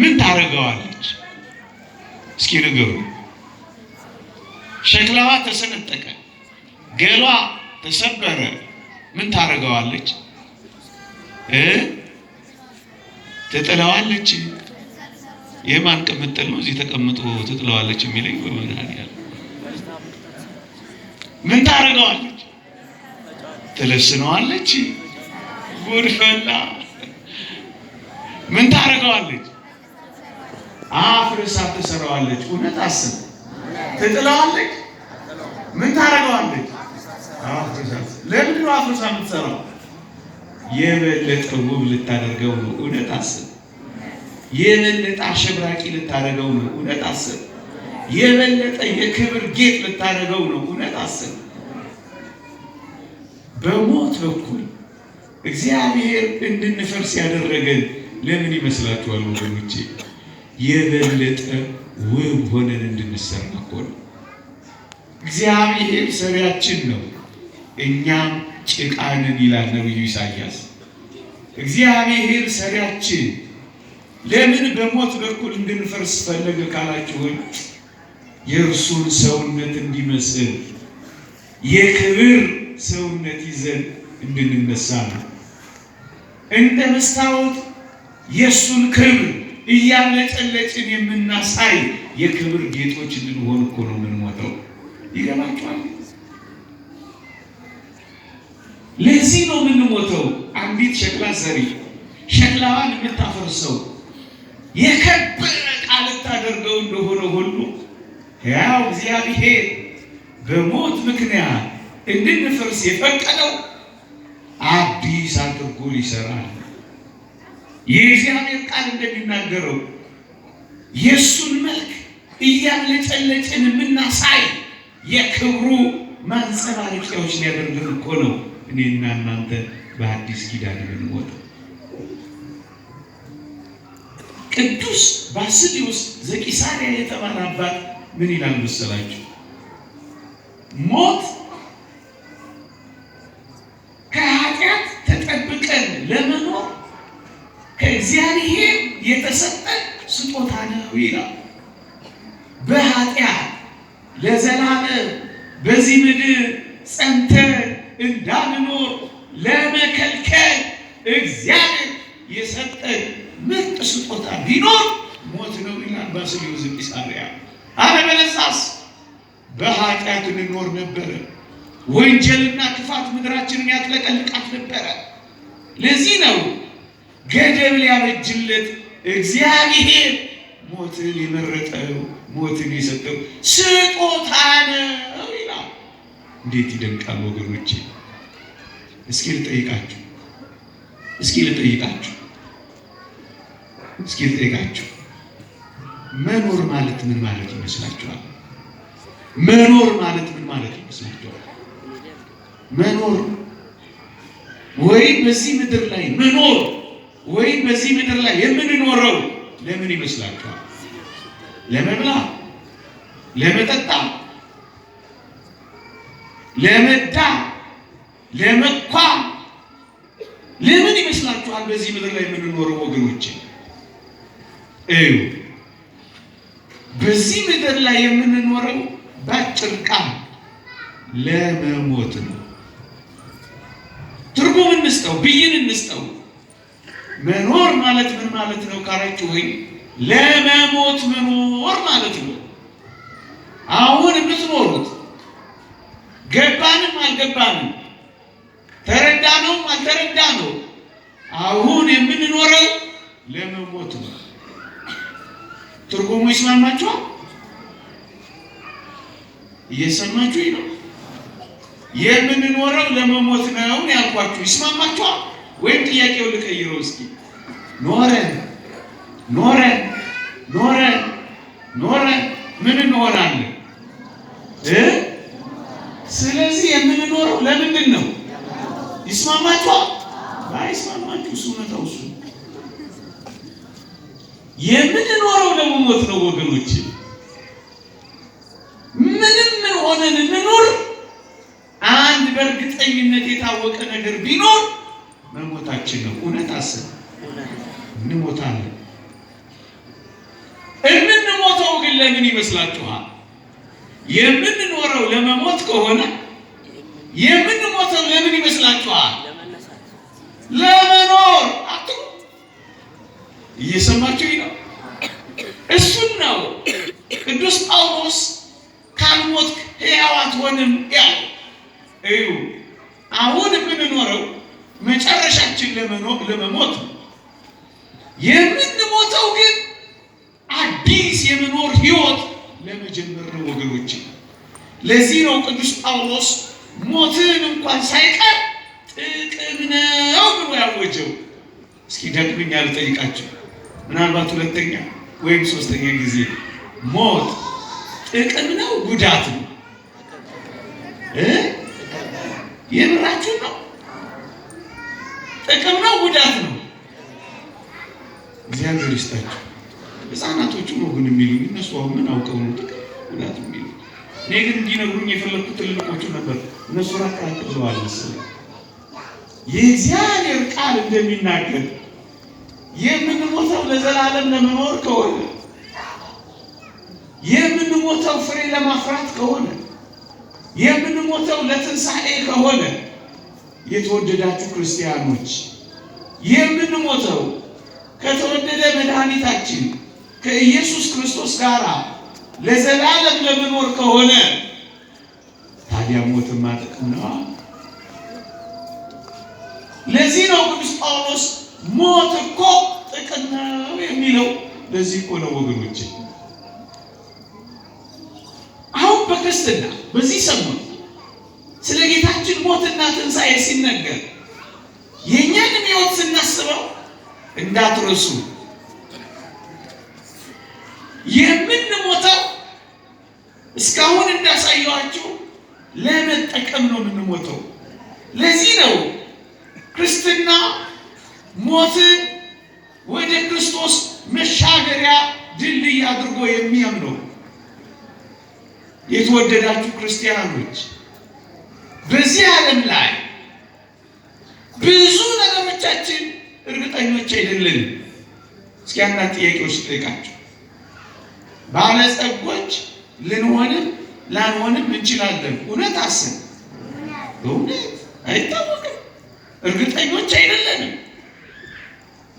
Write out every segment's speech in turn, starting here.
ምን ታደርገዋለች? እስኪ ንገሩ። ሸክላዋ ተሰነጠቀ፣ ገሏ ተሰበረ። ምን ታደርገዋለች? ትጥለዋለች። የማን ቅምጥል ነው እዚህ ተቀምጦ ትጥለዋለች የሚለኝ? በመድኃኒዓለም ምን ታደርገዋለች? ትለስነዋለች። ጉድ ምን ታደርገዋለች? አፍርሳ ትሰራዋለች። እውነት አስብ፣ ትጥለዋለች። ምን ታደርገዋለች? አፍርሳ። ለምንድን ነው አፍርሳ የምትሰራው? የበለጠ ውብ ልታደርገው ነው። እውነት አስብ። የበለጠ አሸብራቂ ልታደርገው ነው። እውነት አስብ። የበለጠ የክብር ጌጥ ልታደርገው ነው። እውነት አስብ። በሞት በኩል እግዚአብሔር እንድንፈርስ ያደረገን ለምን ይመስላችኋል ወገኖቼ? የበለጠ ውብ ሆነን እንድንሰር እኮ ነው። እግዚአብሔር ሰሪያችን ነው፣ እኛም ጭቃንን ይላል ነብዩ ኢሳያስ። እግዚአብሔር ሰሪያችን ለምን በሞት በኩል እንድንፈርስ ፈለገ ካላችሁን የእርሱን ሰውነት እንዲመስል የክብር ሰውነት ይዘን እንድንነሳ ነው። እንደ መስታወት የእሱን ክብር እያለጨለጭን የምናሳይ የክብር ጌጦች እንድንሆን እኮ ነው የምንሞተው። ይገባችኋል? ለዚህ ነው የምንሞተው። አንዲት ሸክላ ዘሪ ሸክላዋን የምታፈርሰው የከበረ ቃል ታደርገው እንደሆነ ሁሉ ያው እግዚአብሔር በሞት ምክንያት እንድንፈርስ የፈቀደው አዲስ አድርጎ ሊሰራ ነው። የእግዚአብሔር ቃል እንደሚናገረው የእሱን መልክ እያለጨለጭን የምናሳይ የክብሩ ማንጸባረቂያዎች ሊያደርግን እኮ ነው እኔና እናንተ በአዲስ ኪዳን የምንወጣ ቅዱስ ባስልዮስ ዘቂሳሪያ የተባለ አባት ምን ይላል መሰላችሁ? ሞት የሰጠን ስጦታ ነው ይላል። በኃጢአት ለዘላለም በዚህ ምድር ጸንተን እንዳንኖር ለመከልከል እግዚአብሔር የሰጠን ምርጥ ስጦታ ቢኖር ሞት ነው ይላል ባስልዮስ ዘቂሳርያ። አለበለዚያስ በኃጢአት እንኖር ነበረ። ወንጀልና ክፋት ምድራችንን ያጥለቀልቃት ነበረ። ለዚህ ነው ገደብ ሊያበጅለት እግዚአብሔር ሞትን የመረጠው ሞትን የሰጠው ስጦታ ነው ይላል። እንዴት ይደንቃል ወገኖች! እስኪ ልጠይቃችሁ እስኪ ልጠይቃችሁ እስኪ ልጠይቃችሁ መኖር ማለት ምን ማለት ይመስላችኋል? መኖር ማለት ምን ማለት ይመስላችኋል? መኖር ወይም በዚህ ምድር ላይ መኖር ወይም በዚህ ምድር ላይ የምንኖረው ለምን ይመስላችኋል? ለመብላ፣ ለመጠጣ፣ ለመዳ፣ ለመኳ ለምን ይመስላችኋል? በዚህ ምድር ላይ የምንኖረው ወገኖች እዩ። በዚህ ምድር ላይ የምንኖረው በአጭር ቃል ለመሞት ነው። ትርጉም እንስጠው፣ ብይን እንስጠው። መኖር ማለት ምን ማለት ነው ካላችሁ፣ ወይ ለመሞት መኖር ማለት ነው። አሁን የምትኖሩት ገባንም አልገባንም ተረዳ አልተረዳ ነው አሁን የምንኖረው ለመሞት ነው። ትርጉሙ ይስማማችኋል? እየሰማችሁ ነው። የምንኖረው ለመሞት ነው ያልኳችሁ ይስማማችኋል? ወይም ጥያቄው ልቀይረው እስኪ ኖረን ኖረን ኖረን ኖረን ምን እንሆናለን? ስለዚህ የምንኖረው ለምንድን ነው? ይስማማችኋል? ባይስማማችሁ እውነታው እሱ የምንኖረው ለመሞት ነው ወገኖች። ምንም ምን ሆነን እንኖር፣ አንድ በእርግጠኝነት የታወቀ ነገር ቢኖር መሞታችን ነው። እውነት አስብ እንሞታለን። እምንሞተው ግን ለምን ይመስላችኋል? የምንኖረው ለመሞት ከሆነ የምንሞተው ለምን ይመስላችኋል? ለመኖር አቱ እየሰማችሁ ነው። እሱን ነው ቅዱስ ጳውሎስ ካልሞትክ ሕያው አትሆንም ያለው። እዩ አሁን የምንኖረው መጨረሻችን ለመሞት የምንሞተው ግን አዲስ የመኖር ህይወት ለመጀመር ነው ወገኖች። ለዚህ ነው ቅዱስ ጳውሎስ ሞትን እንኳን ሳይቀር ጥቅም ነው ብሎ ያወጀው። እስኪ ደግመኛ ልጠይቃቸው፣ ምናልባት ሁለተኛ ወይም ሶስተኛ ጊዜ ሞት ጥቅም ነው ጉዳት ነው? የምራችሁ ነው? ጥቅም ነው ጉዳት ነው? እግዚአብሔር ይስጣቸው። ህፃናቶቹ ነው ግን የሚሉ እነሱ አሁን ምን አውቀው ነው ጥቅም ጉዳት የሚሉ እኔ ግን እንዲነግሩኝ የፈለግኩ ትልልቆቹ ነበር። እነሱ ራቃቅ ብለዋል መሰለኝ። የእግዚአብሔር ቃል እንደሚናገር የምንሞተው ለዘላለም ለመኖር ከሆነ የምንሞተው ፍሬ ለማፍራት ከሆነ የምንሞተው ለትንሣኤ ከሆነ የተወደዳችሁ ክርስቲያኖች የምንሞተው ከተወደደ መድኃኒታችን ከኢየሱስ ክርስቶስ ጋር ለዘላለም ለመኖር ከሆነ ታዲያ ሞት ጥቅም ነዋ። ለዚህ ነው ቅዱስ ጳውሎስ ሞት እኮ ጥቅም ነው የሚለው። ለዚህ እኮ ነው ወገኖች። አሁን በክርስትና በዚህ ሰሞን ስለ ጌታችን ሞትና ትንሣኤ ሲነገር የእኛንም ሕይወት ስናስበው እንዳትረሱ። የምንሞተው እስካሁን እንዳሳየኋችሁ ለመጠቀም ነው የምንሞተው። ለዚህ ነው ክርስትና ሞት ወደ ክርስቶስ መሻገሪያ ድልድይ አድርጎ የሚያምነው። የተወደዳችሁ ክርስቲያኖች በዚህ ዓለም ላይ ብዙ ነገሮቻችን እርግጠኞች አይደለን። እስኪ አንዳንድ ጥያቄዎች ልጠይቃቸው። ባለጸጎች ልንሆንም ላንሆንም እንችላለን። እውነት አስብ። በእውነት አይታወቅም። እርግጠኞች አይደለንም።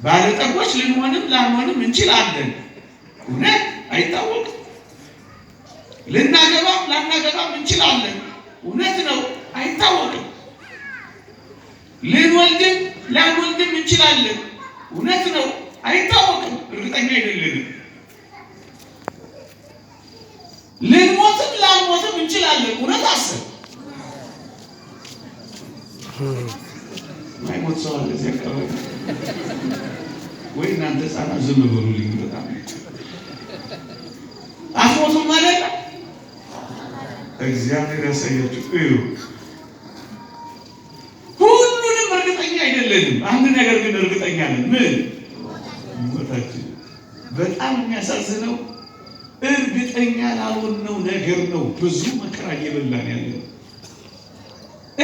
ባለጠጎች ልንሆንም ላንሆንም እንችላለን። እውነት አይታወቅም። ልናገባም ላናገባም እንችላለን። እውነት ነው፣ አይታወቅም። ልንወልድም ላንወንድም እንችላለን። እውነት ነው፣ አይታወቅም፣ እርግጠኛ አይደለንም። ልንሞትም ላንሞትም እንችላለን። እውነት አስብ። ማይሞት ሰው አለ እዚህ አካባቢ ወይ? እናንተ ህጻናት ዝም በሉልኝ። በጣም አትሞቱም ማለት እግዚአብሔር ያሳያችሁ እዩ አይገድልም። አንድ ነገር ግን እርግጠኛ ነን፣ ምን ሞታችን። በጣም የሚያሳዝነው እርግጠኛ ላልሆነው ነገር ነው ብዙ መከራ እየበላን ያለ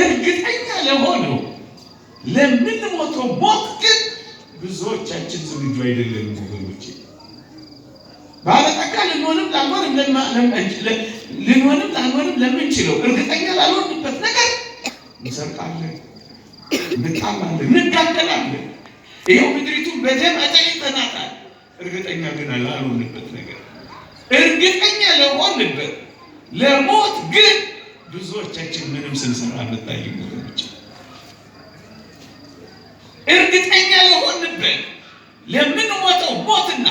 እርግጠኛ ለሆነው ለምንሞተው ሞት ግን ብዙዎቻችን ዝግጁ አይደለም ወገኖቼ። ባለጠጋ ልንሆንም ላንሆንም ልንሆንም ላልሆንም ለምንችለው እርግጠኛ ላልሆንበት ነገር እንሰርቃለን እንቃማለን፣ እንጋደላለን። ይኸው ምድሪቱን በደም አጠይተናታል። እርግጠኛ ግን ላልሆንበት ነገር እርግጠኛ ለሆንበት ለሞት ግን ብዙዎቻችን ምንም ስንሰራ መታዩ ነገሮች እርግጠኛ ለሆንበት ለምንሞተው ሞትና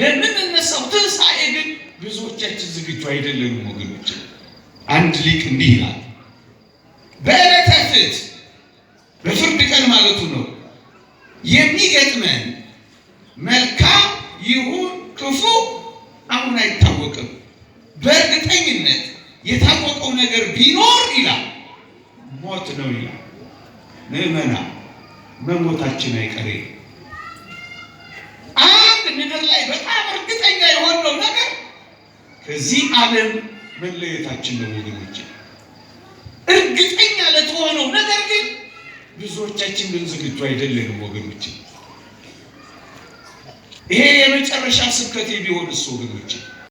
ለምንነሳው ትንሣኤ ግን ብዙዎቻችን ዝግጁ አይደለንም ወገኖች። አንድ ሊቅ እንዲህ ይላል በዕለተ ፍት በፍርድ ቀን ማለቱ ነው። የሚገጥመን መልካም ይሁን ክፉ አሁን አይታወቅም። በእርግጠኝነት የታወቀው ነገር ቢኖር ይላል ሞት ነው ይላል። ምዕመና መሞታችን አይቀሬ አንድ ምድር ላይ በጣም እርግጠኛ የሆነው ነገር ከዚህ ዓለም መለየታችን ነው ወገኖች። እርግጠኛ ለተሆነው ነገር ግን ብዙዎቻችን ግን ዝግጁ አይደለንም ወገኖች። ይሄ የመጨረሻ ስብከቴ ቢሆን እሱ ወገኖች